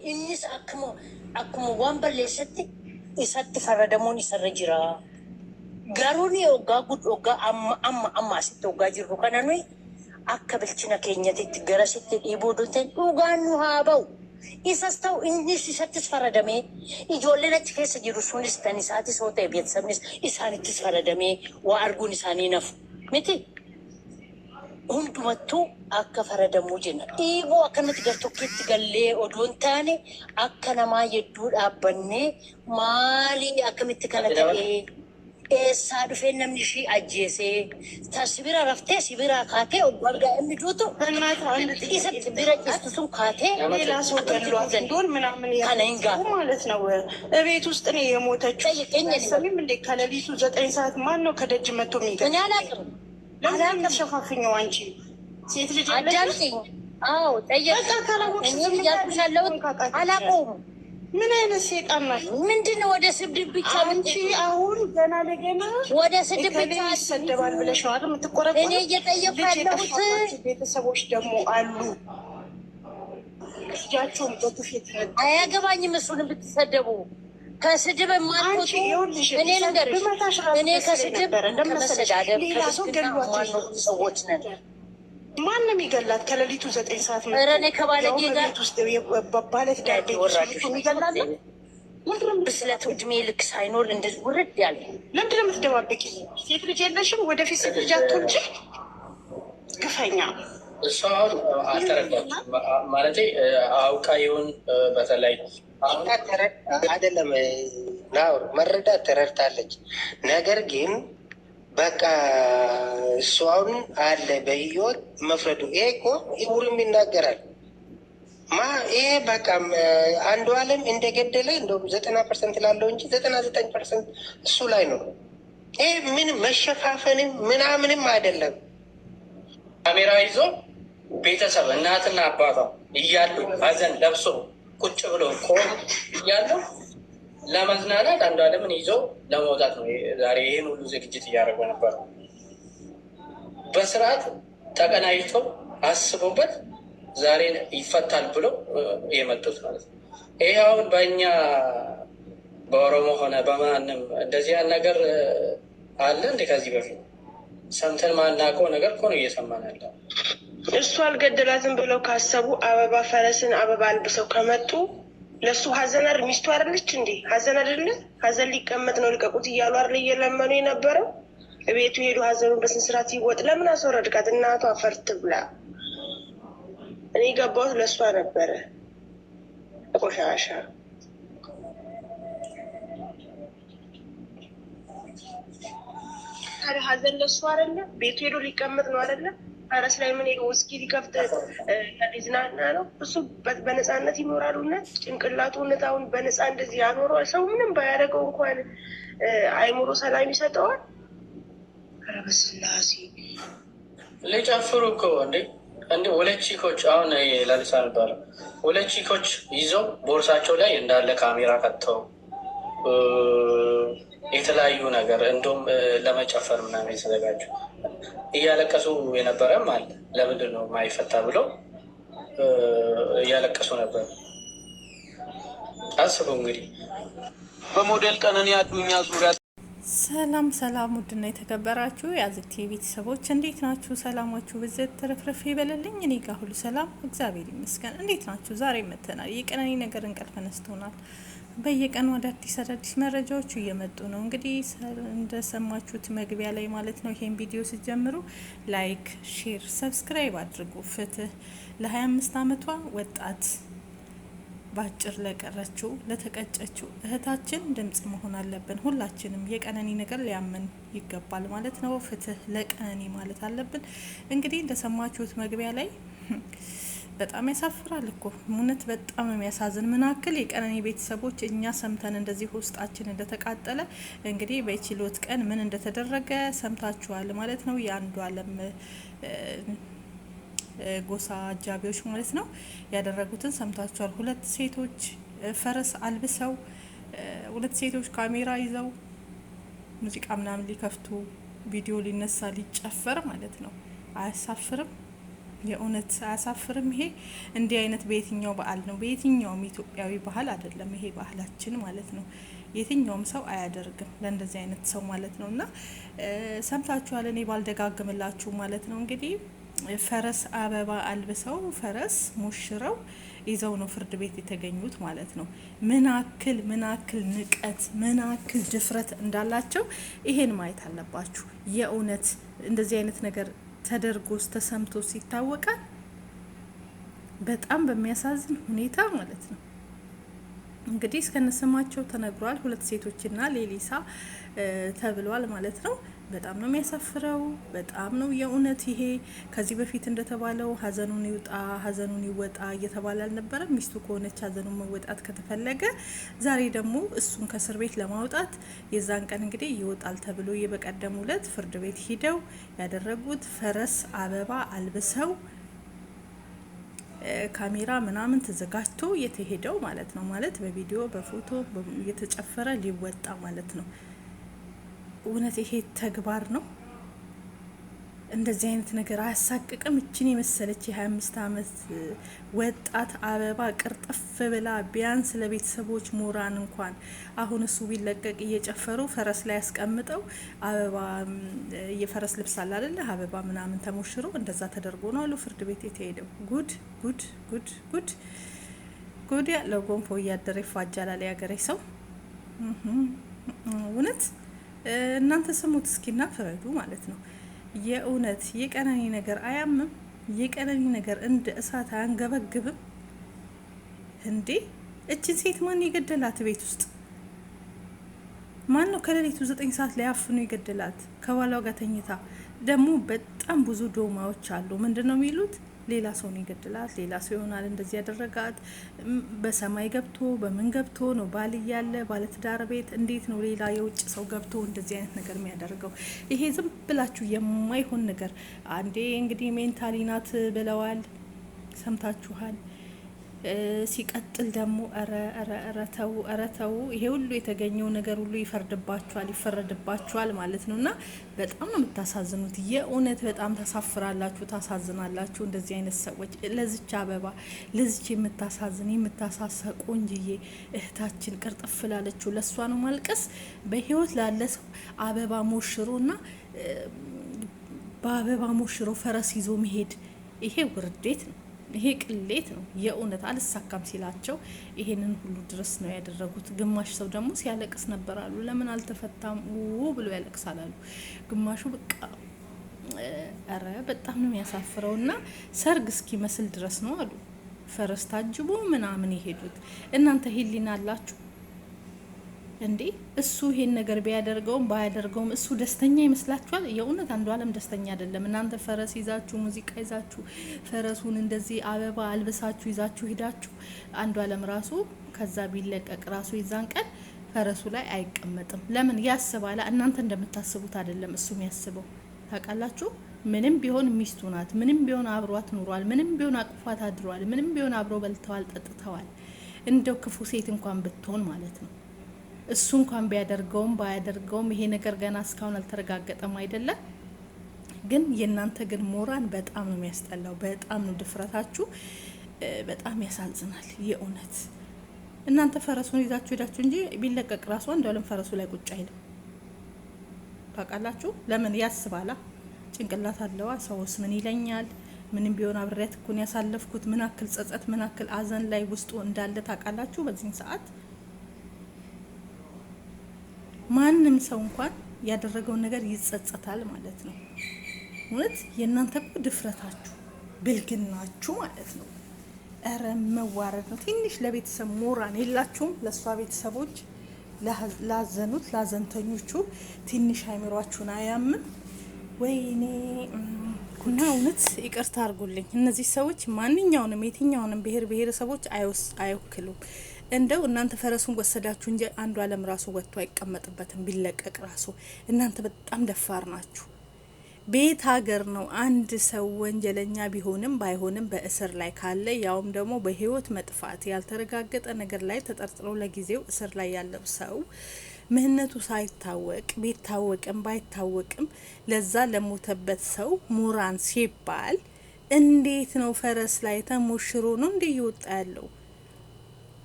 innis akkuma akkuma waan balleessatti isatti faradamuun isa irra jira. Garuu ni oggaa guddaa oggaa amma amma amma asitti oggaa jirru kana nuyi akka bilchina keenyatti gara sitti dhiibuu dutee dhugaan nu haa ba'u. Isas ta'u innis isattis faradamee ijoolleen achi keessa jiru sunis tan isaatis hoo ta'e beeksisnis isaanittis faradamee waa arguun isaanii nafu miti. hundumattuu akka faradamuu jenna dhiibuu akkanatti gartokkeetti gallee odoon taane akka namaa yedduu dhaabbannee maalii akkamitti kana ta'ee eessaa dhufee namni ishii ajjeesee ta sibira raftee sibira kaatee obbo Argaa inni duutu isatti bira jirtu sun kaatee ሌላ ሰው ገሏት እንዲሆን ምናምን ያለው ማለት ነው። እቤት ውስጥ ነው የሞተችው። ሰሚም እንዴ ከሌሊቱ ዘጠኝ ሰዓት ማን ነው ከደጅ መጥቶ የሚገ እኔ አላቅም አላቀሸፋፍኛው አንቺ ሴት ልጅ አዳምጪኝ። አዎ ጠየቅሽ። አላቆሙም። ምን አይነት ሴጣን ናት? ምንድን ነው ወደ ስድብ ብቻ አንቺ አሁን ገና ለገና ወደ ስድብ ብቻ ይሰደባል ብለሽ ነው እኔ እየጠየኩ ያለሁት ቤተሰቦች ደግሞ አሉ ልጃቸውን በትፌት አያገባኝም። እሱን ብትሰደቡ ከስድብ የማልኩት እኔ ልንገርሽ፣ እኔ ከስድብ ከመሰዳደብ ሰዎች ነን። ማንም ይገላት ከሌሊቱ ዘጠኝ ሰዓት ነው። ኧረ እኔ ከባለጌ ጋር ባለት ብስለት እድሜ ልክ ሳይኖር እንደዚህ ውርድ ያለ የምትደባበቂ? ሴት ልጅ የለሽም? ወደፊት ሴት ልጅ አትወልጂ። ግፈኛ አሁን አልተረዳችም ማለቴ አውቃ ይሁን በተለይ አይደለም ናውር መረዳት ተረድታለች። ነገር ግን በቃ እሱ አለ በህይወት መፍረዱ ይሄ እኮ ውርም ይናገራል። ማ ይሄ በቃ አንዱ አለም እንደገደለ እንደውም ዘጠና ፐርሰንት ላለው እንጂ ዘጠና ዘጠኝ ፐርሰንት እሱ ላይ ነው። ይሄ ምን መሸፋፈንም ምናምንም አይደለም። ካሜራ ይዞ ቤተሰብ እናትና አባቷ እያሉ ሀዘን ለብሶ ቁጭ ብሎ ከሆኑ ያለው ለመዝናናት አንዱ አለምን ይዞ ለመውጣት ነው። ዛሬ ይህን ሁሉ ዝግጅት እያደረገ ነበር። በስርዓት ተቀናጅተው አስቦበት ዛሬ ይፈታል ብሎ የመጡት ማለት ነው። ይሄ አሁን በእኛ በኦሮሞ ሆነ በማንም እንደዚህ ያን ነገር አለ እንደ ከዚህ በፊት ሰምተን ማናውቀው ነገር እኮ ነው እየሰማን ያለው። እሱ አልገደላትም ብለው ካሰቡ አበባ ፈረስን አበባ አልብሰው ከመጡ ለእሱ ሀዘን አይደል? ሚስቱ አርልች እንዴ? ሀዘን አደለ ሀዘን ሊቀመጥ ነው ልቀቁት እያሉ አርል እየለመኑ የነበረው? እቤቱ ሄዱ ሀዘኑን በስንስራት ይወጥ። ለምን አስወረድካት? እናቱ አፈርት ብላ። እኔ ገባሁት ለእሷ ነበረ። ቆሻሻ ሀዘን ለእሱ አይደለ? ቤቱ ሄዶ ሊቀመጥ ነው አይደለም ፈረስ ላይ ምን ሄዶ ውስኪ ሊከፍት ሊዝናና ነው። እሱ በነፃነት ይኖራሉና ጭንቅላቱ እውነት በነፃ እንደዚህ ያኖረዋል። ሰው ምንም ባያደርገው እንኳን አይምሮ ሰላም ይሰጠዋል። ኧረ በስላሴ ሊጨፍሩ እኮ እንዴ! እንዲ ሁለት ቺኮች አሁን ለልሳ ነበረ ሁለት ቺኮች ይዘው ቦርሳቸው ላይ እንዳለ ካሜራ ከተው የተለያዩ ነገር እንዲሁም ለመጨፈር ምናምን የተዘጋጁ እያለቀሱ የነበረም አለ። ለምንድን ነው ማይፈታ ብለው እያለቀሱ ነበር። አስበው እንግዲህ በሞዴል ቀነኒ አዱኛ ዙሪያ ሰላም ሰላም፣ ውድና የተከበራችሁ የአዘቲ ቤተሰቦች እንዴት ናችሁ? ሰላማችሁ ብዝት ትርፍርፍ በለልኝ እኔ ጋር ሁሉ ሰላም፣ እግዚአብሔር ይመስገን። እንዴት ናችሁ? ዛሬ መተናል። የቀነኒ ነገር እንቅልፍ ነስቶናል። በየቀኑ አዳዲስ አዳዲስ መረጃዎች እየመጡ ነው። እንግዲህ እንደሰማችሁት መግቢያ ላይ ማለት ነው። ይሄን ቪዲዮ ሲጀምሩ ላይክ፣ ሼር፣ ሰብስክራይብ አድርጉ። ፍትህ ለ25 ዓመቷ ወጣት ባጭር ለቀረችው ለተቀጨችው እህታችን ድምጽ መሆን አለብን። ሁላችንም የቀነኒ ነገር ሊያምን ይገባል ማለት ነው። ፍትህ ለቀነኒ ማለት አለብን። እንግዲህ እንደሰማችሁት መግቢያ ላይ በጣም ያሳፍራል እኮ እውነት፣ በጣም የሚያሳዝን ምናክል የቀነኒ ቤተሰቦች እኛ ሰምተን እንደዚህ ውስጣችን እንደተቃጠለ እንግዲህ በችሎት ቀን ምን እንደተደረገ ሰምታችኋል ማለት ነው። የአንዱ አለም ጎሳ አጃቢዎች ማለት ነው ያደረጉትን ሰምታችኋል። ሁለት ሴቶች ፈረስ አልብሰው፣ ሁለት ሴቶች ካሜራ ይዘው ሙዚቃ ምናምን ሊከፍቱ ቪዲዮ ሊነሳ ሊጨፈር ማለት ነው። አያሳፍርም? የእውነት አያሳፍርም? ይሄ እንዲህ አይነት በየትኛው በዓል ነው? በየትኛውም ኢትዮጵያዊ ባህል አይደለም ይሄ ባህላችን ማለት ነው። የትኛውም ሰው አያደርግም ለእንደዚህ አይነት ሰው ማለት ነው። እና ሰምታችኋል፣ እኔ ባልደጋግምላችሁ ማለት ነው። እንግዲህ ፈረስ አበባ አልብሰው ፈረስ ሞሽረው ይዘው ነው ፍርድ ቤት የተገኙት ማለት ነው። ምናክል ምናክል ንቀት ምናክል ድፍረት እንዳላቸው ይሄን ማየት አለባችሁ። የእውነት እንደዚህ አይነት ነገር ተደርጎስ ተሰምቶ ሲታወቃል። በጣም በሚያሳዝን ሁኔታ ማለት ነው። እንግዲህ እስከነስማቸው ተነግሯል። ሁለት ሴቶችና ሌሊሳ ተብሏል ማለት ነው። በጣም ነው የሚያሳፍረው። በጣም ነው የእውነት ይሄ ከዚህ በፊት እንደተባለው ሀዘኑን ይውጣ ሀዘኑን ይወጣ እየተባለ አልነበረም። ሚስቱ ከሆነች ሀዘኑን መወጣት ከተፈለገ ዛሬ ደግሞ እሱን ከእስር ቤት ለማውጣት የዛን ቀን እንግዲህ ይወጣል ተብሎ የበቀደሙ ዕለት ፍርድ ቤት ሂደው ያደረጉት ፈረስ አበባ አልብሰው ካሜራ ምናምን ተዘጋጅቶ የተሄደው ማለት ነው። ማለት በቪዲዮ በፎቶ እየተጨፈረ ሊወጣ ማለት ነው። እውነት ይሄ ተግባር ነው? እንደዚህ አይነት ነገር አያሳቅቅም? እችን የመሰለች የ25 አመት ወጣት አበባ ቅርጥፍ ብላ ቢያንስ ለቤተሰቦች ሞራን እንኳን አሁን እሱ ቢለቀቅ እየጨፈሩ ፈረስ ላይ ያስቀምጠው አበባ የፈረስ ልብስ አለ አይደለ? አበባ ምናምን ተሞሽሮ እንደዛ ተደርጎ ነው አሉ ፍርድ ቤት የተሄደው። ጉድ ጉድ ጉድ ጉድ ጉድ ያለው ጎንፎ እያደረ ይፏጃላል ያገሬ ሰው እውነት እናንተ ስሙት እስኪና ፍረዱ ማለት ነው። የእውነት የቀነኒ ነገር አያምም? የቀነኒ ነገር እንደ እሳት አያንገበግብም እንዴ? እችን ሴት ማን የገደላት? ቤት ውስጥ ማን ነው ከሌሊቱ ዘጠኝ ሰዓት ላይ አፍኖ የገደላት? ከባሏ ጋር ተኝታ ደግሞ በጣም ብዙ ዶማዎች አሉ። ምንድን ነው የሚሉት? ሌላ ሰውን ይገድላት፣ ሌላ ሰው ይሆናል እንደዚህ ያደረጋት። በሰማይ ገብቶ በምን ገብቶ ነው? ባል እያለ ባለትዳር ቤት እንዴት ነው ሌላ የውጭ ሰው ገብቶ እንደዚህ አይነት ነገር የሚያደርገው? ይሄ ዝም ብላችሁ የማይሆን ነገር። አንዴ እንግዲህ ሜንታሊ ናት ብለዋል፣ ሰምታችኋል። ሲቀጥል ደግሞ ረተው ረተው ተው፣ ይሄ ሁሉ የተገኘው ነገር ሁሉ ይፈርድባችኋል ይፈረድባችኋል ማለት ነው። እና በጣም ነው የምታሳዝኑት። የእውነት በጣም ታሳፍራላችሁ፣ ታሳዝናላችሁ። እንደዚህ አይነት ሰዎች ለዝች አበባ ለዝች የምታሳዝን የምታሳሳ ቆንጅዬ እህታችን ቅርጥፍ ላለችው ለእሷ ነው ማልቀስ። በህይወት ላለ ሰው አበባ ሞሽሮ እና በአበባ ሞሽሮ ፈረስ ይዞ መሄድ ይሄ ውርዴት ነው። ይሄ ቅሌት ነው የእውነት አልሳካም ሲላቸው ይሄንን ሁሉ ድረስ ነው ያደረጉት። ግማሽ ሰው ደግሞ ሲያለቅስ ነበር አሉ። ለምን አልተፈታም ው ብሎ ያለቅሳል አሉ። ግማሹ በቃ ኧረ በጣም ነው የሚያሳፍረው እና ሰርግ እስኪመስል ድረስ ነው አሉ። ፈረስ ታጅቦ ምናምን የሄዱት እናንተ ሂሊና አላችሁ እንዴ እሱ ይሄን ነገር ቢያደርገውም ባያደርገውም እሱ ደስተኛ ይመስላችኋል? የእውነት አንዱ አለም ደስተኛ አይደለም። እናንተ ፈረስ ይዛችሁ ሙዚቃ ይዛችሁ ፈረሱን እንደዚህ አበባ አልብሳችሁ ይዛችሁ ሂዳችሁ አንዱ አለም ራሱ ከዛ ቢለቀቅ ራሱ ይዛን ቀን ፈረሱ ላይ አይቀመጥም። ለምን ያስባላ? እናንተ እንደምታስቡት አይደለም እሱ የሚያስበው ታውቃላችሁ። ምንም ቢሆን ሚስቱ ናት። ምንም ቢሆን አብሯት ኑሯል። ምንም ቢሆን አቅፏት አድሯል። ምንም ቢሆን አብሮ በልተዋል፣ ጠጥተዋል። እንደው ክፉ ሴት እንኳን ብትሆን ማለት ነው እሱ እንኳን ቢያደርገውም ባያደርገውም ይሄ ነገር ገና እስካሁን አልተረጋገጠም አይደለም። ግን የእናንተ ግን ሞራን በጣም ነው የሚያስጠላው። በጣም ነው ድፍረታችሁ። በጣም ያሳዝናል የእውነት እናንተ ፈረሱን ይዛችሁ ሄዳችሁ እንጂ ቢለቀቅ ራሱ እንደውም ፈረሱ ላይ ቁጭ አይልም። ታውቃላችሁ ለምን ያስባላ? ጭንቅላት አለዋ። ሰውስ ምን ይለኛል? ምንም ቢሆን አብሬያት እኮ ነው ያሳለፍኩት። ምን አክል ጸጸት፣ ምን አክል አዘን ላይ ውስጡ እንዳለ ታውቃላችሁ በዚህን ሰዓት ማንም ሰው እንኳን ያደረገውን ነገር ይጸጸታል ማለት ነው። እውነት የእናንተ እኮ ድፍረታችሁ፣ ብልግናችሁ ማለት ነው። እረ መዋረድ ነው። ትንሽ ለቤተሰብ ሞራን የላችሁም? ለእሷ ቤተሰቦች ላዘኑት፣ ላዘንተኞቹ ትንሽ አይምሯችሁን አያምን? ወይኔ እና እውነት ይቅርታ አድርጉልኝ። እነዚህ ሰዎች ማንኛውንም የትኛውንም ብሄር ብሄረሰቦች አይወክሉም። እንደው እናንተ ፈረሱን ወሰዳችሁ እንጂ አንዱ አለም ራሱ ወጥቶ አይቀመጥበትም። ቢለቀቅ ራሱ እናንተ በጣም ደፋር ናችሁ። ቤት ሀገር ነው። አንድ ሰው ወንጀለኛ ቢሆንም ባይሆንም በእስር ላይ ካለ ያውም ደግሞ በህይወት መጥፋት ያልተረጋገጠ ነገር ላይ ተጠርጥሮ ለጊዜው እስር ላይ ያለው ሰው ምህነቱ ሳይታወቅ ቢታወቅም ባይታወቅም ለዛ ለሞተበት ሰው ሙራን ሲባል እንዴት ነው ፈረስ ላይ ተሞሽሮ ነው እንዲህ ይወጣ ያለው?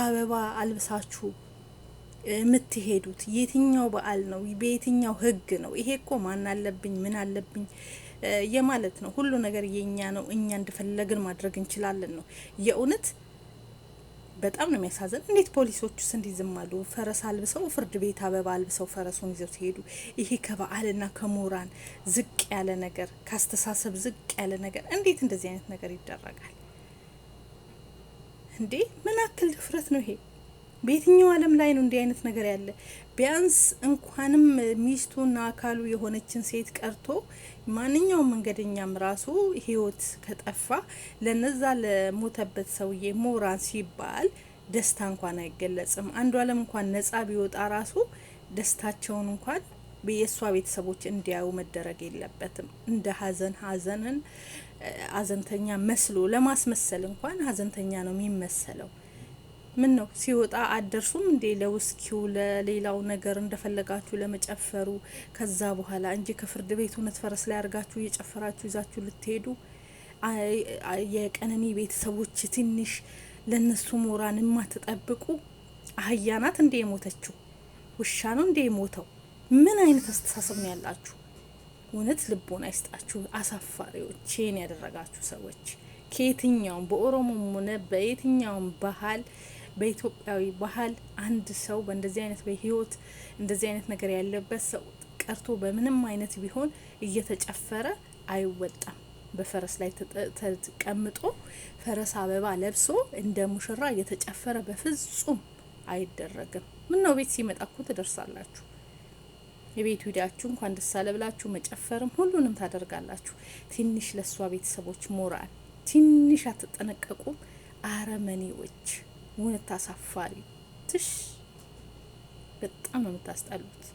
አበባ አልብሳችሁ የምትሄዱት የትኛው በዓል ነው? በየትኛው ህግ ነው? ይሄ እኮ ማን አለብኝ ምን አለብኝ የማለት ነው። ሁሉ ነገር የኛ ነው፣ እኛ እንደፈለግን ማድረግ እንችላለን ነው። የእውነት በጣም ነው የሚያሳዝን። እንዴት ፖሊሶቹስ እንዲህ ዝም አሉ? ፈረስ አልብሰው ፍርድ ቤት አበባ አልብሰው ፈረሱን ይዘው ሲሄዱ፣ ይሄ ከበዓልና ከሞራን ዝቅ ያለ ነገር፣ ከአስተሳሰብ ዝቅ ያለ ነገር፣ እንዴት እንደዚህ አይነት ነገር ይደረጋል? እንዴ ምን አክል ድፍረት ነው ይሄ? በየትኛው ዓለም ላይ ነው እንዲህ አይነት ነገር ያለ? ቢያንስ እንኳንም ሚስቱና አካሉ የሆነችን ሴት ቀርቶ ማንኛውም መንገደኛም ራሱ ህይወት ከጠፋ ለነዛ ለሞተበት ሰውዬ ሞራን ሲባል ደስታ እንኳን አይገለጽም። አንዱ ዓለም እንኳን ነጻ ቢወጣ ራሱ ደስታቸውን እንኳን የእሷ ቤተሰቦች እንዲያዩ መደረግ የለበትም። እንደ ሀዘን ሀዘንን ሀዘንተኛ መስሎ ለማስመሰል እንኳን ሀዘንተኛ ነው የሚመሰለው። ምን ነው ሲወጣ አደርሱም እንዴ? ለውስኪው ለሌላው ነገር እንደፈለጋችሁ ለመጨፈሩ ከዛ በኋላ እንጂ ከፍርድ ቤት እውነት ፈረስ ላይ አድርጋችሁ እየጨፈራችሁ ይዛችሁ ልትሄዱ። የቀነኒ ቤተሰቦች ትንሽ ለነሱ ሞራን የማትጠብቁ አህያ ናት እንዴ የሞተችው? ውሻ ነው እንዴ የሞተው? ምን አይነት አስተሳሰብ ነው ያላችሁ? እውነት ልቦና አይስጣችሁ። አሳፋሪዎች፣ ይህን ያደረጋችሁ ሰዎች ከየትኛውም በኦሮሞም ሆነ በየትኛውም ባህል በኢትዮጵያዊ ባህል አንድ ሰው በእንደዚህ አይነት በህይወት እንደዚህ አይነት ነገር ያለበት ሰው ቀርቶ በምንም አይነት ቢሆን እየተጨፈረ አይወጣም። በፈረስ ላይ ተቀምጦ ፈረስ አበባ ለብሶ እንደ ሙሽራ እየተጨፈረ በፍጹም አይደረግም። ምን ነው ቤት ሲመጣ እኮ ትደርሳላችሁ። የቤት ሂዳችሁ እንኳን ደስ አለ ብላችሁ መጨፈርም ሁሉንም ታደርጋላችሁ። ትንሽ ለእሷ ቤተሰቦች ሞራል ትንሽ አትጠነቀቁም? አረመኔዎች እውነት ታሳፋሪ ትሽ በጣም ነው የምታስጠሉት።